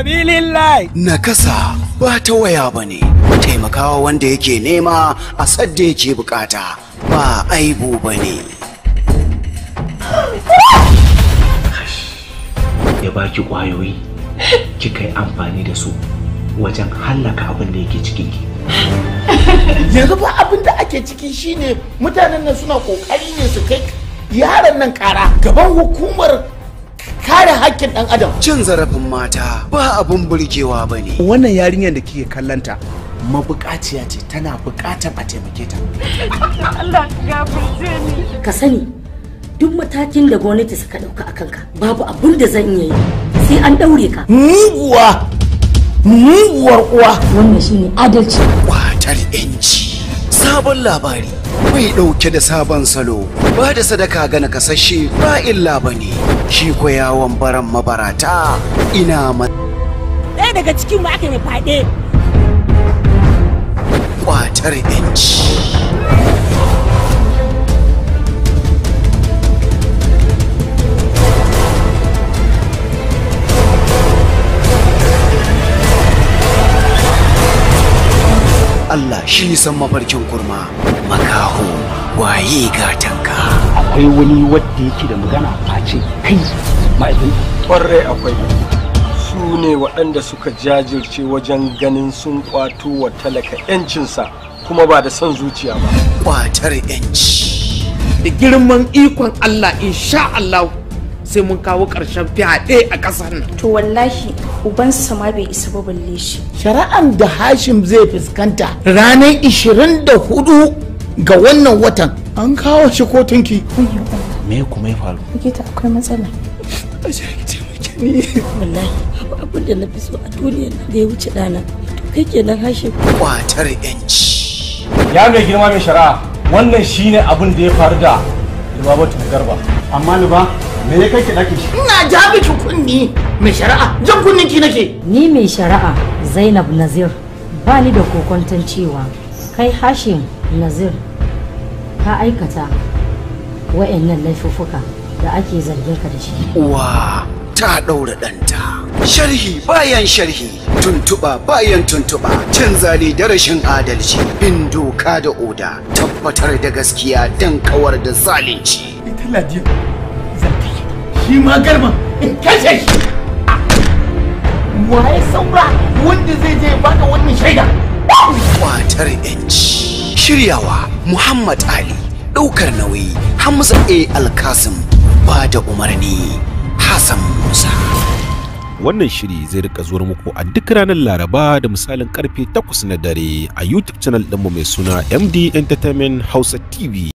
sabilillahi nakasa ba ta waya bane taimakawa wanda yake nema a sadda yake bukata ba aibu bane ya baki kwayoyi ki kai amfani da su wajen hallaka abin da yake cikin ki yanzu ba abin da ake ciki shine mutanen nan suna kokari ne su kai yaran nan kara gaban hukumar kare hakkin ɗan adam cin zarafin mata ba abun burgewa bane wannan yarinyar da kike kallanta mabuƙaciya ce tana buƙatar a taimake ta Allah ni ka sani duk matakin da gwamnati suka ɗauka a kanka, babu abun da zan iya yi sai an ɗaure ka muguwa muguwar uwa wannan shine adalci kwatar yanci sabon labari mai ɗauke da sabon salo ba da sadaka ga nakasashe ba illa ba ne shi ko yawon baran mabarata ina ma ɗaya daga cikin aka yi faɗe ƙwatar 'yanci Allah shi san mafarkin kurma makaho waye gatanka akwai wani wadda yake da magana face kai ma'aikata kwarai akwai su ne waɗanda suka jajirce wajen ganin sun kwato wa talaka 'yancinsa kuma ba da son zuciya ba kwatar 'yanci da girman ikon Allah insha Allah sai mun kawo ƙarshen fyaɗe a ƙasar nan. To wallahi uban ma bai isa ba balle shi. Shari'an da Hashim zai fuskanta ranar 24 ga wannan watan an kawo shi kotunki. Me kuma ya faru? Likita akwai matsala. Wallahi abin da na fi so a duniya da ya wuce ɗana. To kai kenan Hashim. Kwatar 'yanci. Ya mai girma mai shari'a wannan shine abin da ya faru da Lubabatu Garba. Amma ba. me ne kake nake shi ina jabi kunni mai shari'a jan kunnin ki nake ni mai shari'a Zainab Nazir ba ni da kokonton cewa kai Hashim Nazir ka aikata wa'annan laifuffuka da ake zargin ka da shi uwa ta daura danta sharhi bayan sharhi tuntuba bayan tuntuba cin zali da rashin adalci bin doka da oda tabbatar da gaskiya dan kawar da zalunci ita shi ma in kashe shi waye saura wanda zai je baka wannan shaida watar yanci shiryawa muhammad ali ɗaukar nauyi hamza a alkasim ba da umarni hassan musa wannan shiri zai rika zuwa muku a duk ranar laraba da misalin karfe 8 na dare a youtube channel ɗinmu mai suna md entertainment hausa tv